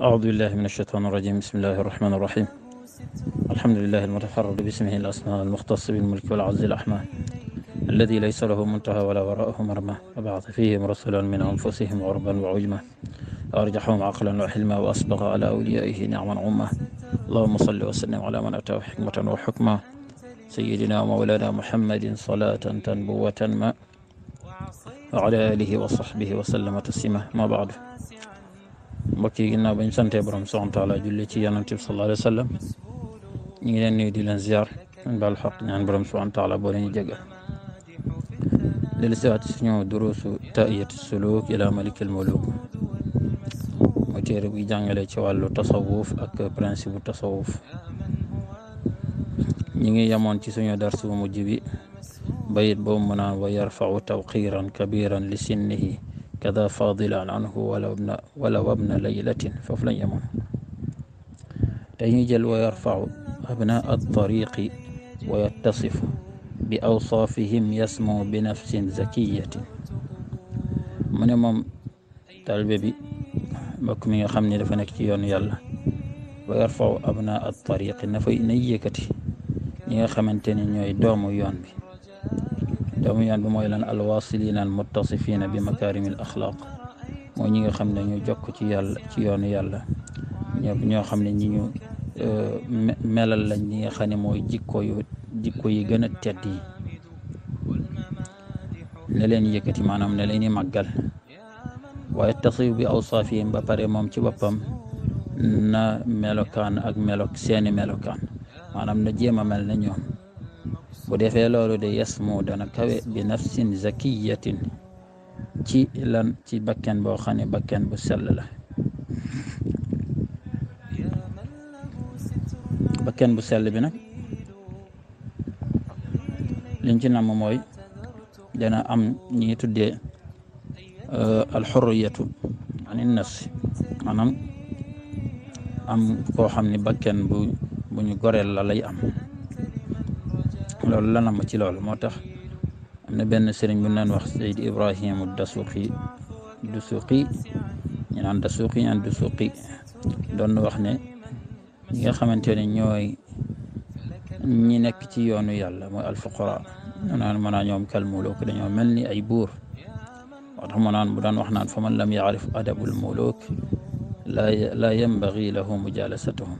أعوذ بالله من الشيطان الرجيم بسم الله الرحمن الرحيم الحمد لله المتفرد باسمه الأسماء المختص بالملك والعز الأحمى الذي ليس له منتهى ولا وراءه مرمى وبعث فيهم رسلا من أنفسهم عربا وعجما أرجحهم عقلا وحلما وأسبغ على أوليائه نعما عما اللهم صل وسلم على من أتاه حكمة وحكمة سيدنا ومولانا محمد صلاة تنبوة ما وعلى آله وصحبه وسلم تسليما ما بعد mbokk yi ginnaaw bañ santee borom subhaanahu wa taala julli ci yonent bi sallallaahu alayhi wa sallam ñu ngi leen nuyu di leen ziar ñu baal xaq ñaan borom subhaanahu wa taala boo leen jéggal dellu siwaat suñu duruusu taiyat suluk ila malikil muluk mu téere buy jàngale ci wàllu tasawuf ak principe bu tasawuf ñu ngi yemoon ci suñu dars bu mujj bi bayit boobu mu naan wa yarfau tawqiran kabiran li sinnihi كذا فاضلا عنه ولو ابن ولو ابن ليلة ففلن يمن تهيجل ويرفع أبناء الطريق ويتصف بأوصافهم يسمو بنفس زكية من يمم تلببي مكمي خمني لفنكتيون يلا ويرفع أبناء الطريق نفي نيكتي نيخمنتني نيوي دوم يون دوميا بمويلا الواصلين المتصفين بمكارم الاخلاق مو نيغا خامن نيو جوك تي يال تي يونو يالا نيو نيو خامن نيو آه، ملال لا نيغا خاني موي جيكو يو جيكو يي غنا تيدي نلين يكتي مانام نلين ماغال ويتصف باوصافهم ببري موم تي بوبام نا ملوكان اك ملوك سيني ملوكان مانام نجيما مل نيوم bu defee loolu de yes mu dana kawe bi nafsin zakiyatin ci lan ci bakken boo xam ne bakken bu sell la bakken bu sell bi nag liñ ci namm mooy dana am ñi tuddee uh, alxurriyatu ani nafsi maanaam am koo xam ne bakken bu bu ñu goreel la lay am loolu lanam ci loolu moo tax am na benn sëriñ bu naan wax Seyd Ibrahima Dasuqi Dusuqi ñu naan Dasuqi an Dusuqi doon wax ne ñi nga xamante ne ñooy ñi nekk ci yoonu yàlla mooy alfuqara mu naan mën naa ñoom kalmuluk dañoo mel ni ay buur moo tax mu naan mu daan wax naan fa man lam yaarif adabul muluk la la yambagi lahu mujalasatuhum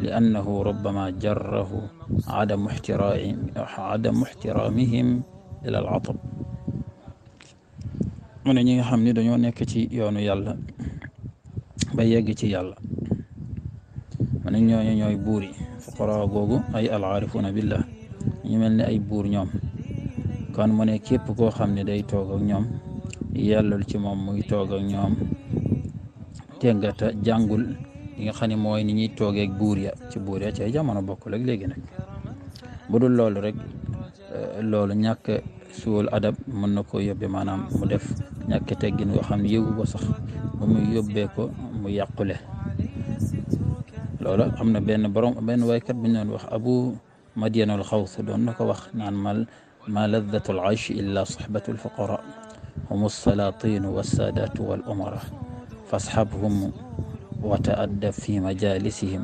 li annahu rubbama jarrahu adamu adamu ixtiraamihim ila al mu ne ñi nga xam ni dañoo nekk ci yoonu yàlla ba yegg ci yàlla mu ne ñooy buur yi fuqaraa googu ay alaarifuuna billah ñu mel ni ay buur ñoom kon mu ne képp koo xam ne day toog ak ñoom yàllul ci moom muy toog ak ñoom tengata jàngul li nga xam ne mooy ni ñuy toogeeg buur ya ci buur ya ci ay jamono bokkul ak léegi nag bu dul loolu rek loolu ñàkk suwal adab mën na koo yóbbee maanaam mu def ñàkk teggin yoo xam ne yëgu ko sax ba mu yóbbee ko mu yàqule loolu am na benn borom benn waykat bu ñu doon wax abu madianul xaws doon na ko wax naan mal ma laddatu al aysh illa soxbatu alfuqara hum alsalaatinu walsaadaatu wal umara fasxabhum wa taadda fi majalisihim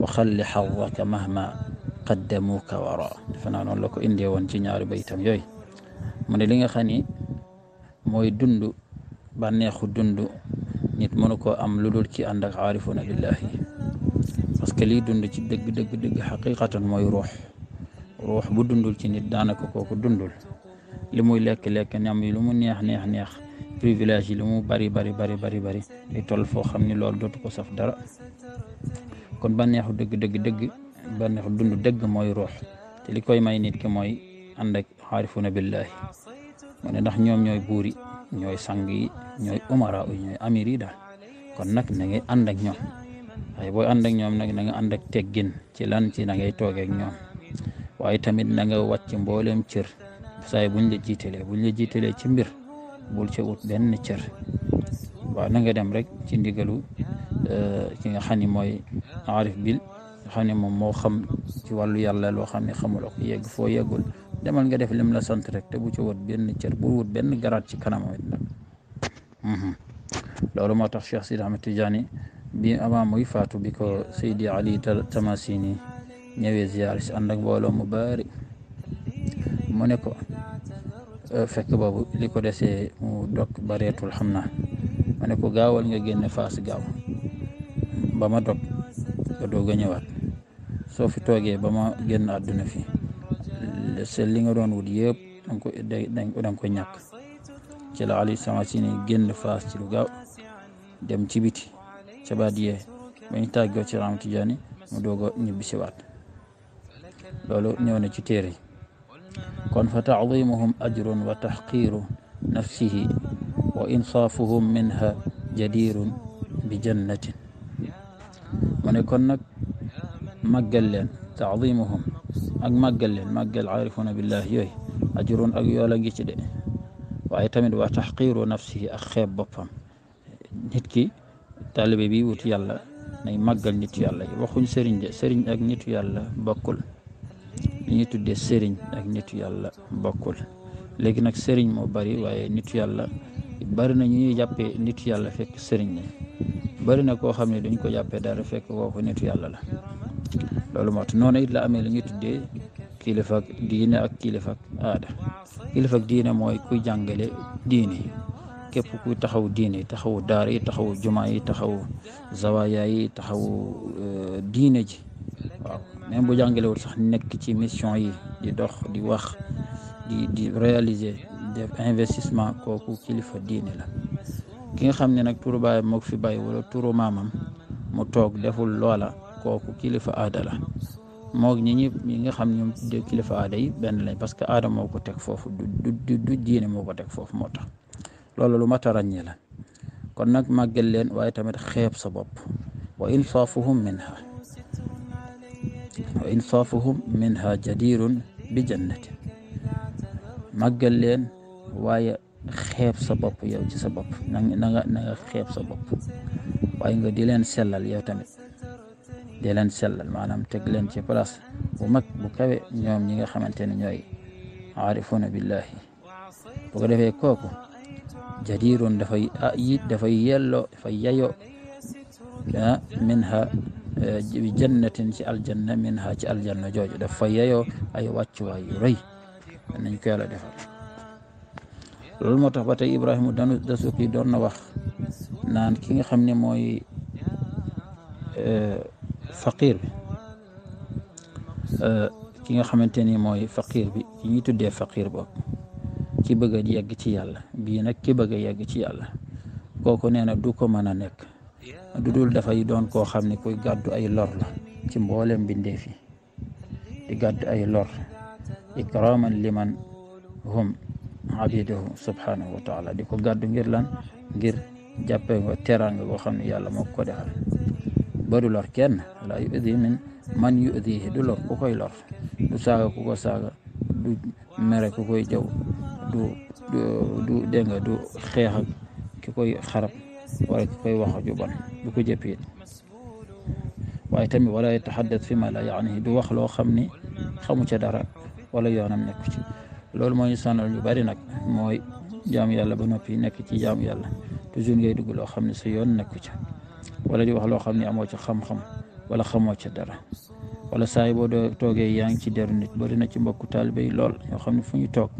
wa xalli xadaka mahma qaddamuka wara defe naa noonu la ko indee woon ci ñaari baytam yooyu mu ne li nga xam ni mooy dund bànneexu dund nit mënu koo am lu dul ci ànd ak aarifuna billahi parce que liy dund ci dëgg dëgg dëgg xaqiqatan mooy ruux ruux bu dundul ci nit daanaka kooku dundul li muy lekk-lekk ñam yi lu mu neex neex neex privilège yi lu mu bari bari bari bari bari day toll foo xam ni loolu dootu ko saf dara kon bànneexu dëgg dëgg dëgg bànneexu dund degg mooy ruux te li koy may nit ki mooy ànd ak xaarifuna billahi mu ne ndax ñoom ñooy buur yi ñooy sang yi ñooy umara yi ñooy amir kon nag na ngay ànd ak ñoom waaye booy ànd ñoom nag na nga ànd ak teggin ci lan ci na ngay toogee ak ñoom waaye tamit na nga wàcc mbooleem cër saay buñ la jiitalee buñ la jiitalee ci mbir bul ci ut benn cër waaw na nga dem rek ci ndigalu euh, ki nga mooy aarif bil nga xam ne moom moo xam ci wàllu yàlla loo xam ne xamuloo ko yegg foo yeggul demal nga def lem la sant rek te bu ci wot benn cër bu wut benn garaat ci kanamam it nag mhm. loolu moo tax Cheikh Sidi Ahmed Tidiane bi avant muy faatu bi ko Seydi Ali Tamasini ñëwee ziyaar si ànd ak mbooloo mu baari mu ne ko euh, fekk boobu li ko desee mu dog bareetul xam na ma ne gaawal nga génne faas gaaw ba ma dog nga doog a ñëwaat soo fi toogee ba ma génn àdduna fi se li nga doon wu yëpp danga ko da ko ñàkk ci la ali sama si ni génn faas ci lu gaaw dem ci biti ca baadiyee ba ñu tàggoo ci Raam Tijaani mu doog a ñibbisiwaat loolu ñëw ne ci téere kon fa taadimuhum ajrun wa taxqiiru nafsihi wa insaafuhum minha jadirun bi jannatin mu ne kon nag màggal leen taadimuhum ak màggal leen màggal aarifuuna billah yooyu ajurun ak yool a ngi ci de waaye tamit waa taxqiiru nafsihi ak xeeb boppam nit ki taalibe bi wut yàlla nay màggal nitu yàlla waxuñ sëriñ de sëriñ ak nitu yàlla bokkul li tuddee sëriñ ak nitu yàlla léegi nag sëriñ moo bari waaye nitu yàlla bari na ñu ñuy jàppee nitu yàlla fekk sëriñ la bari na koo xam ne duñ ko jàppee dara fekk kooku nitu yàlla la loolu moo tax noonu it la amee li ñuy tuddee kilifa diine ak kilifa aada kilifa diine mooy kuy jàngale diine képp ku taxaw diine taxawu daara yi taxawu jumaa yi taxaw zawaya yi taxawu euh, diine ji waaw même bu jàngalewul sax nekk ci mission yi di dox di wax di di réaliser investissement kooku kilifa diine la ki nga xam ne nag turu baayam moo fi bàyyi wala turu maamam mu toog deful loola kooku kilifa aada la moog ñi ñëpp ñi nga xam ñoom kilifa aada yi benn lañ parce que aada moo ko teg foofu du du du moo ko teg foofu moo tax loolu lu mat a ràññee la kon nag màggal leen waaye tamit xeeb sa bopp wa insaafuhum minha bi jannati leen waaye xeeb sa bopp yow ci sa bopp na nga na sa bopp nga di leen sellal yow tamit dee leen sellal maanaam teg leen ci place bu mag bu kawe ñoom ñi nga xamante ne ñooy aarifuuna billahi bu ko defee kooku jadirun dafay ah, yit dafay yello dafay yayo ah, min ha eh, bi jannatin ci aljanna min ha ci aljanna jooju dafa yayo ay wàccuwaay yu rëy nañ ko yàlla defal moo tax ba tey Ibrahima danu dasuki doon na wax naan ki nga xam ne mooy eh, faqiir bi euh, ki nga xamante ni mooy faqiir bi ki ñuy tuddee faqiir boobu ki bëgg a yegg ci yàlla bii nag ki bëgg a yegg ci yàlla kooku nee na du ko mën a nekk du dul dafay doon koo xam ne kuy gàddu ay lor la ci mboolem bindéef yi di gàddu ay lor ikraman liman hum abidahu subhanahu wa taala di ko gàddu ngir lan ngir jàppe nga teraanga goo xam ne yàlla moo ko defal barular kenn wala yu'di min man yu'dihi du lor ku koy lor du saaga ku ko saaga du mere ku koy jaw du du dégg nga du xeex ak ki koy xarab wala ki koy wax ju bon du ko jëppiit waaye tamit wala yataxaddat fi ma la yaanihi du wax loo xam ni xamu ca dara wala yoonam nekk ci loolu moo ñu sonal ñu bari nag mooy jaamu yàlla ba noppi nekk ci jaamu yàlla toujours ngay dugg loo xam ne sa yoon nekku ca wala di wax loo xam ne amoo ci xam-xam wala xamoo ca dara wala saay boo doo toogee yaa ngi ci deru nit bari na ci mbokku taalibe yi lool ñoo xam ne fu ñu toog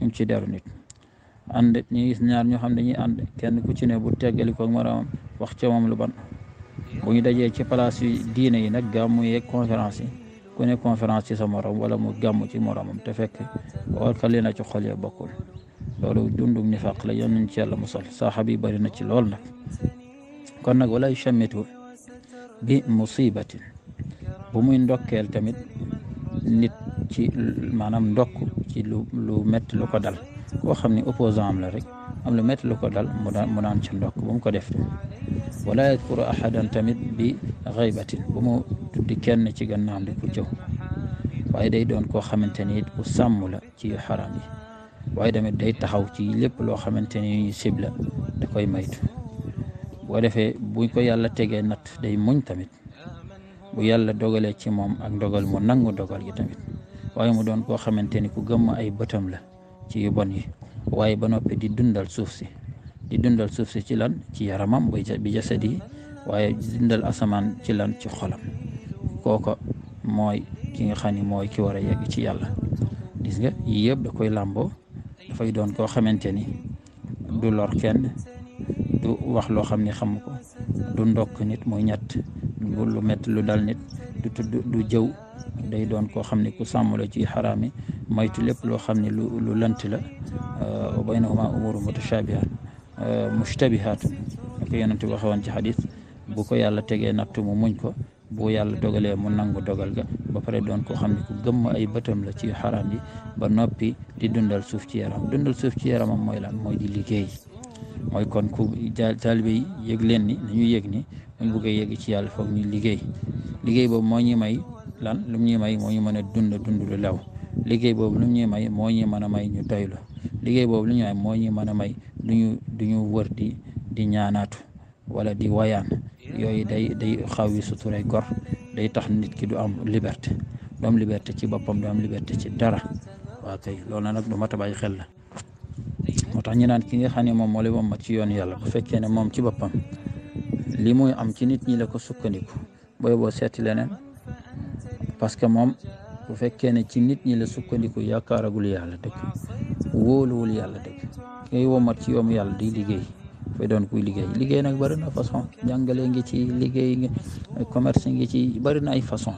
ñu ngi ci deru nit ànd ñu gis ñaar ñoo xam ne dañuy ànd kenn ku ci ne bu teggali ko moroomam wax ca moom lu ban bu ñu dajee ci place yi diine yi nag gàmmu yeeg conférence yi ku ne conférence ci sa morom wala mu gàmm ci moromam te fekk war ka ci xol ya bokkul loolu dundum nifaq la yal nañ ci yàlla saaxa bi bari na ci lool nag kon nag walay chamitu bi musibatin bu muy ndokkeel tamit nit ci maanaam ndokk ci lu lu lu ko dal koo xam ni opposant am la rek am lu métti lu ko dal mu naan ca ndokk bu mu ko def wala yadkuru ahadan tamit bi xaybatin bu mu tuddi kenn ci gannaam di ku jëw waaye day doon koo xamante ni it ku sàmm la ci xaram yi waaye tamit day taxaw ci lépp loo xamante ni sib la da koy maytu boo defee bu ko yàlla tegee natt day muñ tamit bu yàlla dogalee ci moom ak ndogal mu dogal yi tamit waaye mu doon koo xamante ni ku gëmm ay bëtam la ci bon yi waaye ba noppi di dundal suuf si di dundal suuf si ci lan ci yaramam bi jasad di waaye dundal asamaan ci lan ci xolam kooko mooy ki nga xam ni mooy ki war a yegg ci yàlla gis nga yii yëpp da koy làmboo dafay doon koo xamante ni du lor kenn wax loo xam ne xamu ko du ndok nit muy ñett lu métti lu dal nit du tudd du jëw day doon koo xam ne ku sàmm ci xaraam yi moytu lépp loo xam ne lu lu lant la wa baynahuma umuru mutashabihat mushtabihatun ko yonent bi waxee woon ci xadis bu ko yàlla tegee natt mu muñ ko bu yàlla dogalee mu nangu dogal ga ba pare doon koo xam ne ku gëmm ay bëtam la ci xaraam yi ba noppi di dundal suuf ci yaram dundal suuf ci yaramam mooy lan mooy di liggéey mooy kon ku jaal yi yëg leen ni nañu yëg ni ñu bëgg yëg ci yàlla foog ñu liggéey liggéey boobu moo ñu may lan lu ñuy may moo ñu mën a dund dund lu lew liggéey boobu lu may moo ñu mën a may ñu doylu liggéey boobu lu ñu may moo ñu mën a may duñu duñu wër di ñaanaatu wala di wayaan yooyu day day xaw yi suturay gor day tax nit ki du am liberté du am liberté ci boppam du am liberté ci dara waa kay loolu nag du mat a bàyyi xel la moo tax ñu naan ki nga xam ne moom moo lay wommat ci yoon yàlla bu fekkee ne moom ci boppam li muy am ci nit ñi la ko sukkandiku booy boo seeti leneen parce que moom bu fekkee ne ci nit ñi la sukkandiku yaakaaragul yàlla dëgg wóoluwul yàlla dëgg ngay womat ci yoom yàlla di liggéey fay doon kuy liggéey liggéey nag bëri na façon jàngale ngi ci liggéey commerce ngi ci bëri na ay façon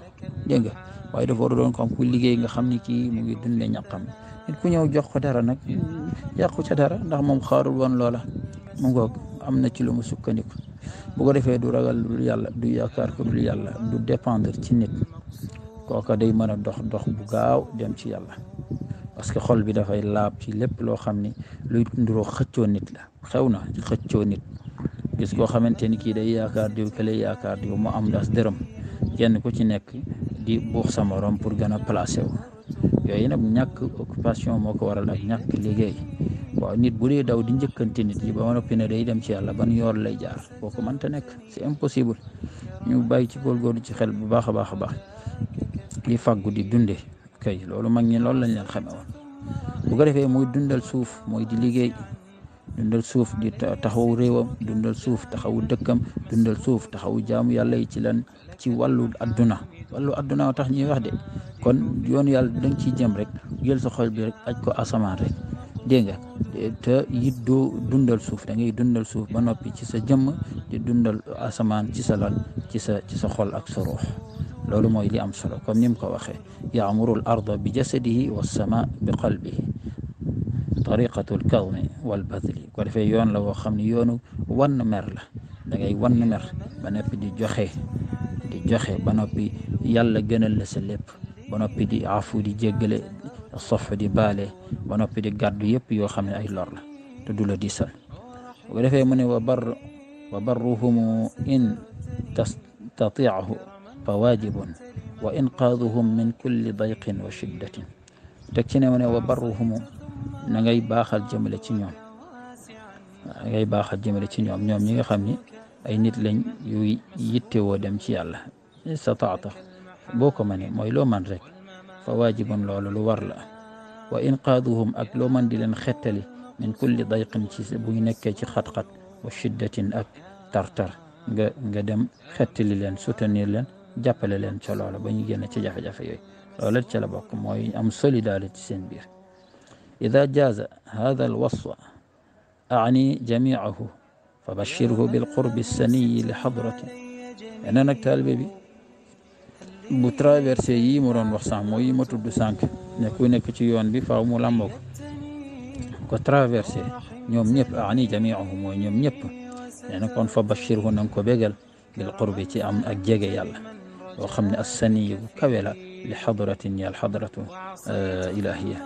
dégg waaye dafa war a doon ko ku liggéey nga xam ni kii mu ngi dundee ñaqam nit ku ñëw jox ko dara nag yàqu ca dara ndax moom xaarul woon loola mu ngoog am na ci lu mu sukkandiku bu ko defee du ragal lu yàlla du yaakaar ko dul yàlla du dépendre ci nit kooka day mën a dox dox bu gaaw dem ci yàlla parce que xol bi dafay laab ci lépp loo xam ni luy nduroo xëccoo nit la xew na xëccoo nit gis koo xamante ni kii day yaakaar diw kële yaakaar diw mu am das dërëm kenn ku ci nekk di buux sa morom pour gën a placé wu yooyu nag ñàkk occupation moo ko waral ak ñàkk liggéey waaw nit bu dee daw di njëkkante nit yi ba noppi ne day dem ci yàlla ban yoon lay jaar boo ko manta nekk c'est impossible ñu bàyyi ci góorgóorlu ci xel bu baax a baax a baax di fàggu di dunde kay loolu mag ñi loolu lañ leen xame woon bu ko defee muy dundal suuf mooy di liggéey dundal suuf di taxawu réewam dundal suuf taxawu dëkkam dundal suuf taxawu jaamu yàlla ci lan ci wàllu adduna wàllu adduna tax ñuy wax de kon yoon yàlla da ci jëm rek jël sa xol bi rek aj ko asamaan rek dégg nga te it doo dundal suuf da ngay dundal suuf ba noppi ci sa jëmm di dundal asamaan ci sa lan ci sa sa xol ak sa ruux loolu mooy li am solo comme ni mu ko waxee yaamurul arda bi jasadihi wa sama bi qalbihi tariqatul kawni wal badli ko defee yoon la woo xam ne yoonu wann mer la da ngay mer ba noppi di joxe di joxe ba noppi yàlla gënal la sa lépp ba noppi di afu di jéggale sof di baale ba noppi di gàddu yëpp yoo xam ne ay lor la te du la diisal bu ko defee mu ne wa bar wa barruhumu in tastatiahu fa waajibun wa inqaaduhum min kulli dayqin wa shiddatin teg ci ne mu ne wa barruhumu na ngay baaxal jëmale ci ñoom baaxal jëmale ci ñoom ñoom ñi nga xam ni ay nit lañ yu yittewoo dem ci yàlla istataata boo ko manee mooy loo man rek fa waajibun loolu lu war la wa inqaaduhum ak loo man di leen xettali min kulli dayqin ci buñ nekkee ci xat-xat wa shiddatin ak tartar nga nga dem xettali leen soutenir leen jàppale leen ca loola ba ñu génn ci jafe-jafe yooyu loola ca la bokk mooy am solidarité seen biir ida jaaza hada alwasfa ani jamiahu fa bashirhu bilqurbi saniyi li xadrati nee nag taalibe bi bu traverser yi mu doon wax sax moy yi ma tuddu sank ne ku nek ci yoon bi faaw mu làmboo ko traverser ñom ñep ani jamiuhum moy ñom ñep nee na kon fa bashirhu nang ko bégal bil qurbi ci am ak jege yàlla wo xam as-sani kawela li hadratin ya al-hadratu ilahiyya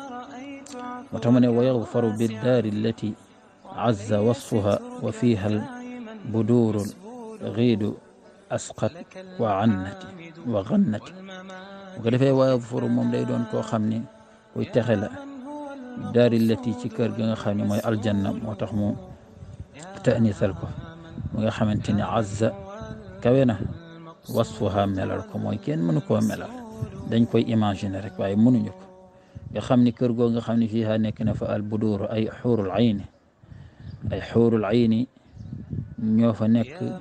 wa tamane wa yaghfaru bid dar allati azza wasfuha wa fiiha al buduuru giidu أسقط وعنت وغنت وكلفة وظفر مم لا يدون كو خمني ويتخلى دار التي تكر جن خمني ما الجنة ما تخمو تأني ثلكو ما خمنتني عز كبينة وصفها ملارك ما يكين منو كو ملار دين كو إيماجينرك باي منو يكو يا خمني كر جن خمني فيها نكنا فعل بدور أي حور العين أي حور العين نيوفا نك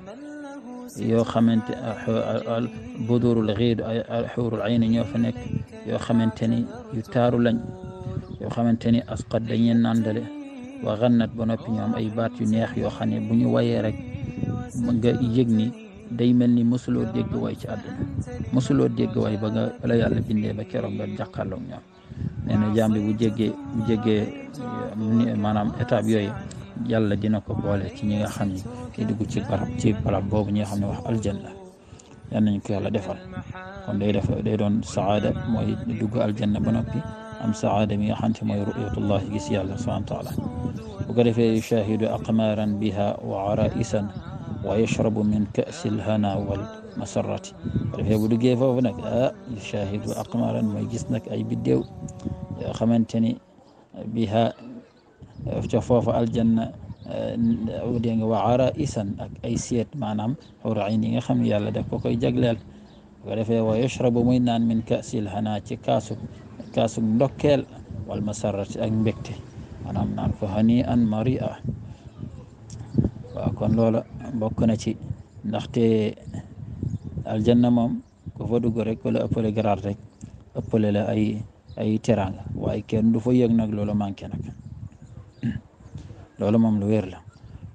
yoo xamante al budurul xiidu ay alxuurul ayni ñoo fa nekk yoo xamante ni yu taaru lañ yoo xamante ni asqat dañuy nandale wa xannat ba noppi ñoom ay baat yu neex yoo xam ne bu ñu wayee rek nga yëg ni day mel ni mosuloo dégg way ci àdduna mosuloo dégg way ba nga la yàlla bindee ba keroog nga jàkkaarloog ñoom nee na jaam bi bu jéggee bu jéggee maanaam étape yooyu yàlla dina ko boole ci ñi nga xam ni kii dugg ci barab ci barab boobu ñi nga xam ne wax aljanna yal nañ ko yàlla defal kon day def day doon saada mooy dugg aljanna ba noppi am saada mi nga xam te mooy ru'yatullah gis yàlla subhanahu wa taala bu ko defee yushahidu aqmaran biha wa araisan wa yashrabu min kasi lhana wal masarrati bu defee bu duggee foofu nag ah yushahidu aqmaran mooy gis nag ay biddéew yoo xamante ni biha ca foofa aljanna dégg nga waxaara isan ak ay seet maanaam xurayin yi nga xam ne yàlla daf ko koy jagleel bu ko defee wa yushrabu muy naan min kasil xanaa ci kaasu kaasu ndokkeel wal masarrati ak mbégte maanaam naan ko xanii an maria waaw kon loola bokk na ci ndaxte aljanna moom ku fa dugg rek wala ëppale garaat rek ëppale la ay ay teraanga waaye kenn du fa yëg nag loola manqué nag loolu moom lu wér la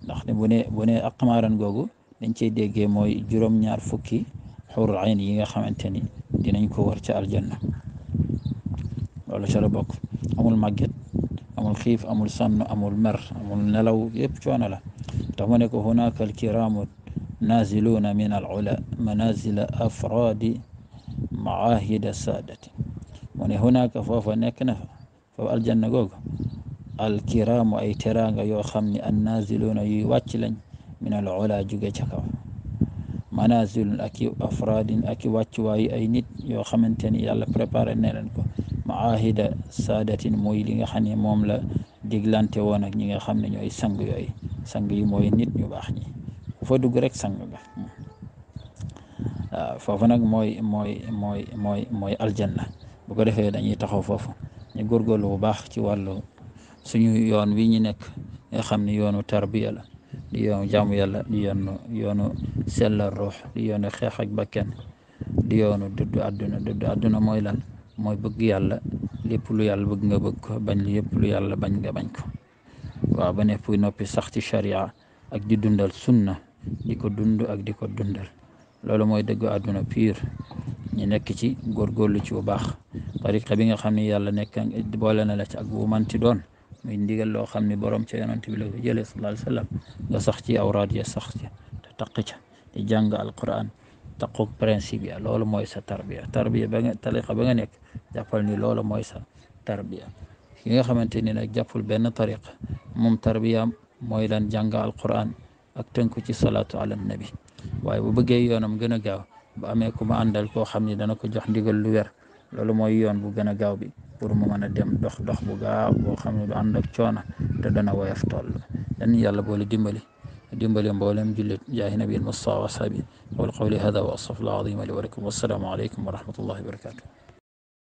ndax ne bu ne bu ne ak xamaaran googu dañ cey déggee mooy juróom-ñaar fukki xurul ayn yi nga xamante ni dinañ ko war ca aljanna loolu ca la amul màgget amul xiif amul sonn amul mer amul nelaw yëpp coono la tax mu ne ko hunaka alkiramu naziluuna min al ula manazila afraadi maahida saadati mu ne hunaka foofa nekk na fa foofu aljanna alkiraamu ay teraanga yoo xam ne na yuy wàcc lañ min al ola jóge ca kaw manazilun ak i afraadin ak i wàccuwaayu ay nit yoo xamante ni yàlla préparé ne leen ko maahida saadatin mooy li nga xam ne moom la diglante woon ak ñi nga xam ne ñooy sang yooyu sang yi mooy nit ñu baax ñi ku fa dugg rek sang ba foofu nag mooy mooy mooy mooy mooy aljanna bu ko defee dañuy taxaw foofu ñu góorgóorlu bu baax ci wàllu suñu yoon wi ñu nekk nga xam ne yoonu tarbiya la di yoonu jaamu yàlla di yoonu yoonu sellal ruux di yoonu xeex ak bakken di yoonu dëddu àdduna dëddu àdduna mooy lan mooy bëgg yàlla lépp lu yàlla bëgg nga bëgg ko bañ lépp lu yàlla bañ nga bañ ko waaw ba nepp noppi sax ci sharia ak di dundal sunna di ko dund ak di ko dundal loolu mooy dëgg àdduna piir ñu nekk ci góorgóorlu ci bu baax tariqa bi nga xam ne yàlla nekk boole na la ci ak bu manti doon muy ndigal loo xam ni borom ca yonent bi la ko jëlee sallallahu alayhi wa sallam nga sax ci awraad ya sax ca te taq ca di jàng alquran taqoog principe ya loolu mooy sa tarbiya tarbiya ba nga tariqa ba nga nekk jàppal ni loolu mooy sa tarbiya ki nga xamante ni nag jàppul benn tariqa moom tarbiyaam mooy lan jàng alquran ak tënku ci salaatu ala nabi waaye bu bëggee yoonam gën a gaaw ba amee ku ma àndal koo xam ni dana ko jox ndigal lu wer loolu mooy yoon bu gën a gaaw bi pour mu a dem dox dox bu gaaw boo xam ne du ànd ak coono te dana woyof toll yan yàlla boole dimbali dimbali mboolem jullit jaahi nabil mustafa wa ashabi wal qawli hada wa astaghfirullah azim li wa lakum wassalaamu aleykum wa rahmatullahi wa barakatuh